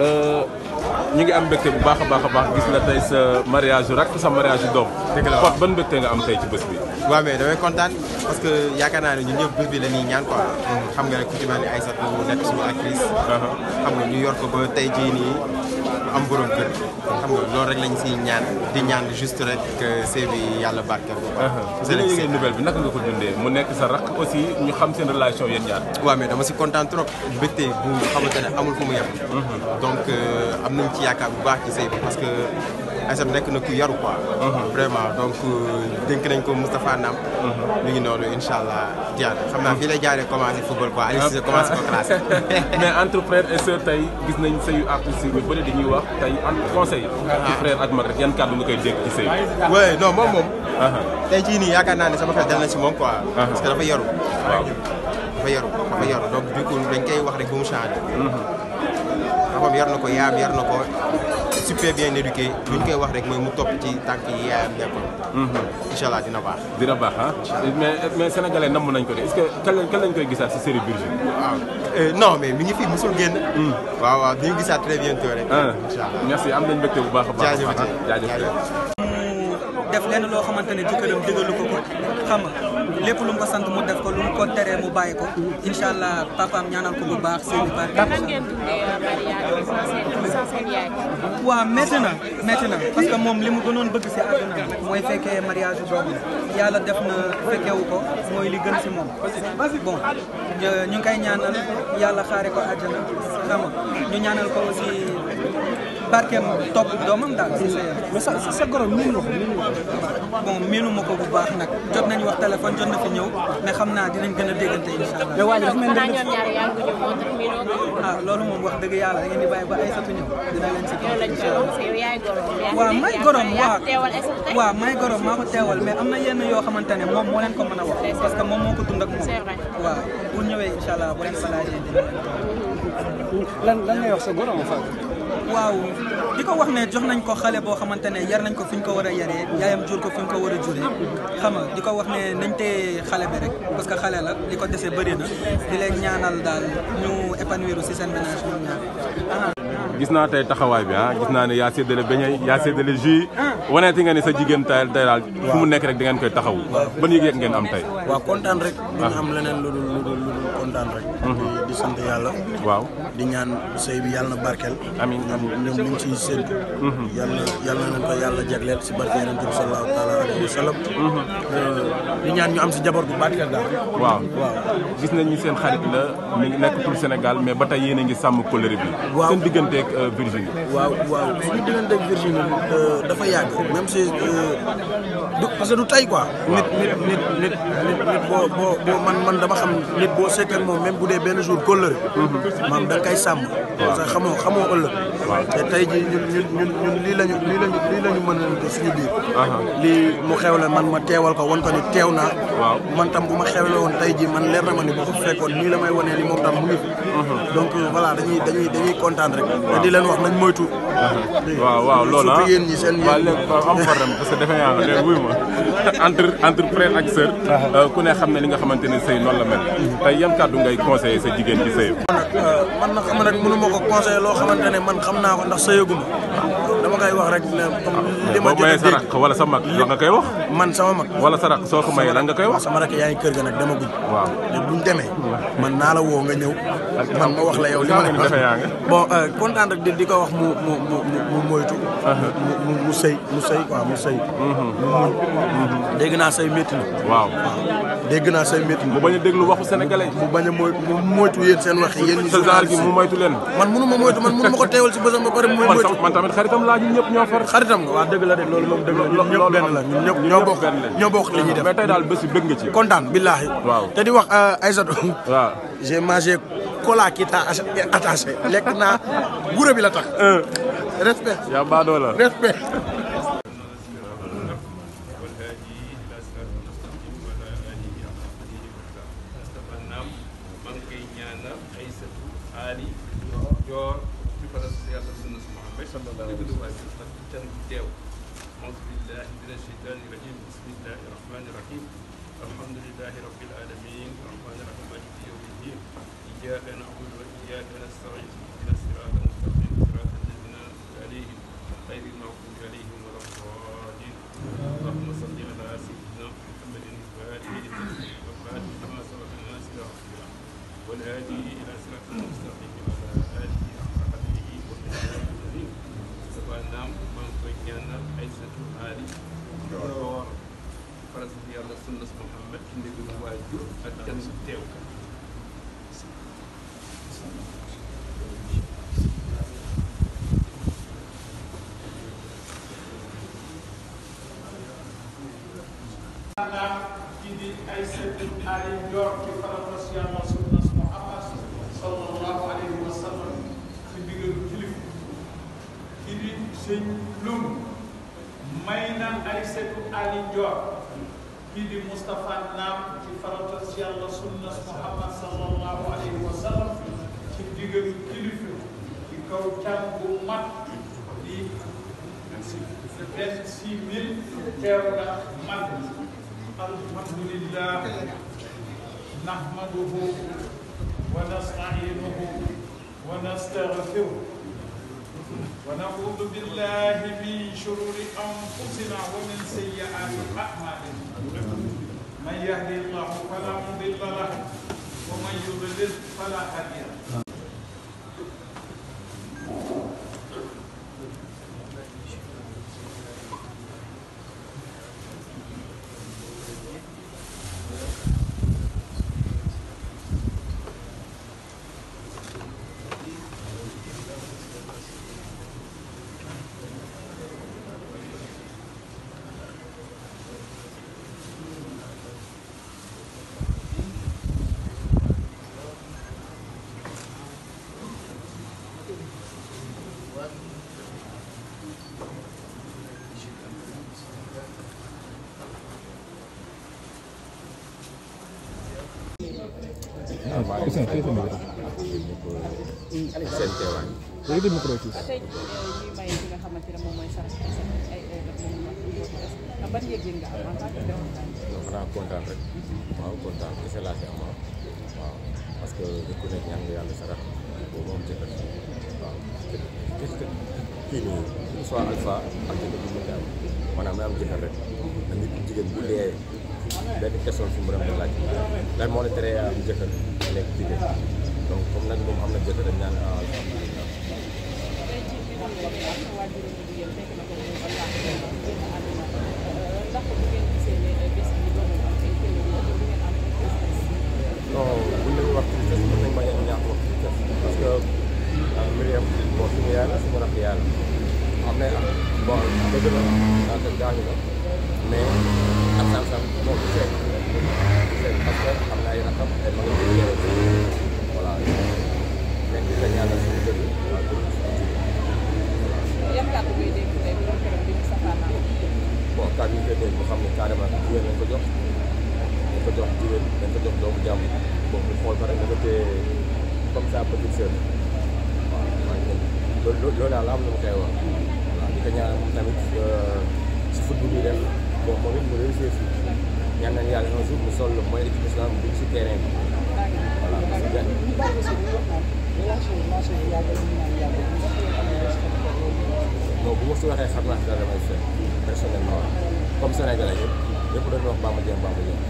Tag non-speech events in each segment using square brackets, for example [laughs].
Euh, ñu ngi am mbégte bu baax a baax a baax gis la tey sa mariage rak sa mariage yu doom. dëgg la ban mbégte nga am tey ci bés bi. waaw mais damay kontaan. parce que yaakaar naa ne ñu ñëpp bés bi la ñuy ñaan quoi. xam nga rek ku ci mel ni nekk suñu actrice. xam nga ñu yor ko ba tey jii nii am borom kër. xam nga loolu rek lañ si ñaan di ñaan juste rek see bi yàlla barkeel ko. Uh-huh. seen émission bi nouvelle bi naka nga ko dundee mu nekk sa rakk aussi ñu xam seen relation yéen ñaar. waaw mais dama si kontaan trop mbégte bu xamante ne amul fu mu yem. Uh-huh. donc euh, am nañ ci yaakaar bu baax ci sëy parce que. Assane nekk na ku yaru quoi. Mhm. vraiment donc euh, dénk nañ ko Moustapha Nam. Mhm. mi ngi noonu incha allah Diané xam naa fii a jaaree commencé football quoi Aliou Cissé commencé ko classé. [laughs] mais entre frère et sœur tey gis nañ sëyu artiste yu bëri dañuy wax tey entre conseil. a ah. frère ak mag rek yan kàddu nga koy ci sëy. oui non ah. naa ne sama xel si moom quoi. Ah. parce que dafa yaru. waaw dafa yaru dafa yaru donc du coup dañ koy wax rek bu mu changé. xam mhm. yar na ko yaam yar na ko. super bien éduqué. lu ñu koy wax rek mooy mu topp ci tànk yi yaayam nekkoon. Mhm. incha allah dina baax. dina baax ah. mais mais sénégalais namm nañ ko de est-ce que kan lañ koy gisaat si série Burgi. waaw euh, non mais mi ngi fi musul génn. Hmm. waaw waaw di ñu gisaat très bientôt rek. Ah. incha allah merci am nañ mbégte bu baax a baax. jaajëf ah. jaajëf def lenn loo xamante ne jëkkëram digalu ko ko xam nga lépp lu ko sant mu def ko lu ko teree mu bàyyi ko incha allah papaam ñaanal ko i barke seen yaay. waaw na métti na parce que moom li mu gënoon bëgg si àdduna mooy fekkee mariage boobu yàlla def na fekkewu ko mooy li gën si moom bon ñu ngi koy ñaanal yàlla xaare ko àjjana xam ñu ñaanal ko aussi. barkeem topp doomam daal si sa yaram. mais sa sa miinu ma ko bu baax nag jot nañu wax téléphone jot na fi ñëw mais xam naa dinañ gën a déggante incha allah. mais waa ah, loolu moom wax dëgg yàlla da ngeen di bàyyi ba ay satu ñëw dina leen si. may goroom waaw waaw may goro maa ko teewal mais am na yenn yoo xamante ne moom moo leen ko mën a wax parce que moom moo ko dund ak moom waaw bu ñëwee incha allah wax sa goro ma fàgg jox nañ ko xale boo xamante ne yar nañ ko fi ñu ko war a yaayam jur ko fi ñu ko war a juree xam nga di ko wax ne nañ teye xale bi rek parce que xale la di ko desee bëri na di leen ñaanal daal ñu épanouir si seen ménage ñoom gis naa tey taxawaay bi ah gis naa ne yaa séddale beñe yaa séddale jus ah. waneeti nga ni sa jigéen tay tay daal fu mu nekk rek da ngeen koy taxaw ban yëg-yëg ngeen am tey waaw kontaan rek duñu am leneen lu dul lu dul kontaan rek mhm. di sant yàlla. waaw di ñaan sëy bi yàlla na barkeel. amiin ñoom ñoom ñu ngi ciy séntu. Mhm. yàlla yàlla nañ ko yàlla jagleel si barke yonent bi sallallahu a alayhi wa sallam. Mhm. Euh, di ñaan ñu am si jabar bu barkeel daal. waaw gis nañ seen xarit la mi ngi pour Sénégal mais ba tey yéen a ngi sàmm kóllëre bi. waaw seen digganteeg euh, Virginie. waaw waaw suñu digganteeg Virginie euh, dafa yàgg même si du parce que du tey quoi. nit nit nit nit boo boo man man dama xam nit boo sekkal moom même kóllëre maam da nga koy sàmm sa xamoo xamoo ëllëg te tey ji ñun ñun ñun ñun lii lañu lii lañu lii lañu mën a suñu biir lii mu xew la man ma teewal ko won ko ni teew naa man tam bu ma xewle woon tey ji man leer na ma ni bu ko fekkoon nii la may wanee ni moom tam mu ngi fi donc dañuy dañuy kontaan rek te di leen wax nañ moytu waaw waaw loolu ah yéen ñi seen yéen am problème parce que defe naa ne léegi wuy ma [laughs] entre entre frère ak sœur euh, ku ne xam ne li nga xamante ne sëy noonu ngeen ci sëy man nag xam nga nag mënu ma ko conseillé loo xamante ne man xam naa ko ndax sëyaguma dama kay wax rek ne comme ah, li ma jot a dégg wala sa mag la nga koy wax man sama mag wala sa rak soo ko mayee la nga koy wax sama rak yaa ngi kër ga nag dama guñ waaw te buñ demee man naa la woo nga ñëw man ma wax la yow li ma ne bon euh, kontaan rek di di ko wax mu mu mu mu moytu mu mu sëy mu sëy mu mu sëy mhm. dégg naa say métti na waaw dégg naa say métti na mu bañ a déglu waxu sénégalais mu bañ a moytu mu moytu yéen seen wax yéen gi mu moytu leen man mënu ma moytu man mënu ma ko teewal si bësam ba pare mu moytu man tamit xaritam laa ñun ñëpp ñoo far xaritam nga dëgg la de loolu moom dëgg la ñëpp ñoo bokk ñoo bokk li tey daal bés yi bëgg nga ci kontaan billaahi waaw te di wax euh, Aïssatou waaw j'ai mangé cola qui t'a attaché lekk naa gura bi la tax euh. aali joor bi faral si yàlla sunna si Muhammad sallallahu alayhi wa sallam ak cant teew auzu billahi min asheytaani rajim bismillahi rahmani rahim alhamdulilahi rabbil alamin rahmani rahim maliki yawmi din iyyaka na'budu wa iyyaka nasta'in ihdina sirata sunna su Muhammad ay sëriñ ali joor ci farata siyaama sunna Muhammad sallallahu alayhi wa sallam ci ndigalu kilif ci di sëñ lum may na ay sëriñ ali joor kii di Moustapha naam ci farata si yàlla sunna Muhammad sallallahu alayhi wa sallam ci diggalu kilifa ci kaw can bu mat di vingt six mille teew na mat alhamdulillah nahmaduhu wa nasta'inuhu wa nastaghfiruh wa na'udhu billah من شرور أنفسنا ومن سيئات أعمالنا من يهدي الله فلا مضل له ومن يضلل فلا هادي له Ousseynou téye sa micro. seen nga xamante ne moom mooy sarax ay ban yëg que kontaan rek. waaw kontaan kese laa si amoon. waaw parce que ku nekk ñaan nga yàlla sarax moom ci kii nii soit alpha ak jigéen bi mu daal maanaam am jëkkër rek nit jigéen bu dee benn question fi mu doon laaj lan moo la teree am euh, jëkkër nekk jigéen donc comme nag moom am na jëkkër dañ naan alhamdulilah. ndax loolu daal la am na ma koy wax waaw di ko ñaanal moom tamit euh, si football bi dem moom moom it mu réussir ñaan nañu yàlla un jour mu sol mooy équipe islam bi si terrain bi voilà bu ma si waxee xam naa si dara damay fekk personnellement comme Sénégalais yëpp yëpp dañu wax Bamba Dieng Bamba Dieng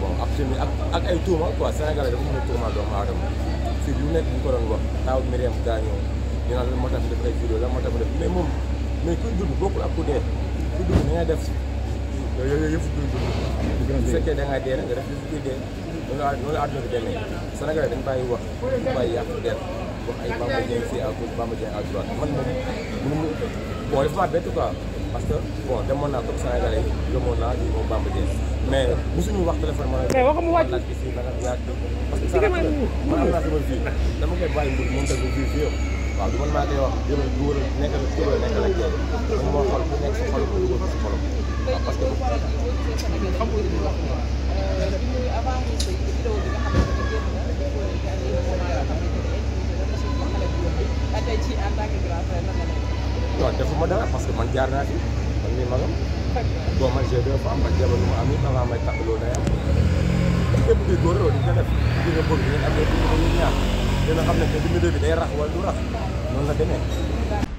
bon ak suñu ak ay tuuma quoi Sénégalais dafa mën a tuuma doomu aadama fii lu nekk bu ko doon wax taw Myriam gaañoo ñu naan lan moo tax def ay vidéo lan moo tax def mais moom mais kuy dund bokkul ak ku dee kuy dund da ngay def yooyu yooyu yëpp kuy dund. bu fekkee da ngaa dee rek nga def kuy dee noonu la noonu la àdduna bi demee Sénégal dañ bàyyi wax dañ bàyyi yàq der wax ay Bamba Dieng fii à gauche Bamba Dieng à droite man moom mënu ma bon dafa bett quoi parce que bon demoon naa comme Sénégalais demoon naa di moom Bamba Dieng mais mosuñu wax téléphone ma ne. mais waxuma wàcc laaj bi fii ma ne yaa parce que. dama koy bàyyi mbir moom tamit fii fii waaw du man maa koy wax jëlal dugal nekk na dugal nekk na kii man moo xool ku nekk sa xol ko dugal ko sa xolam waaw parce que non defuma dara que man jaar naa fi man mii magam boo man j'ai deux femmes man jabar lu ma di ko def di xam ne que dina bi day rax wala rax noonu la demee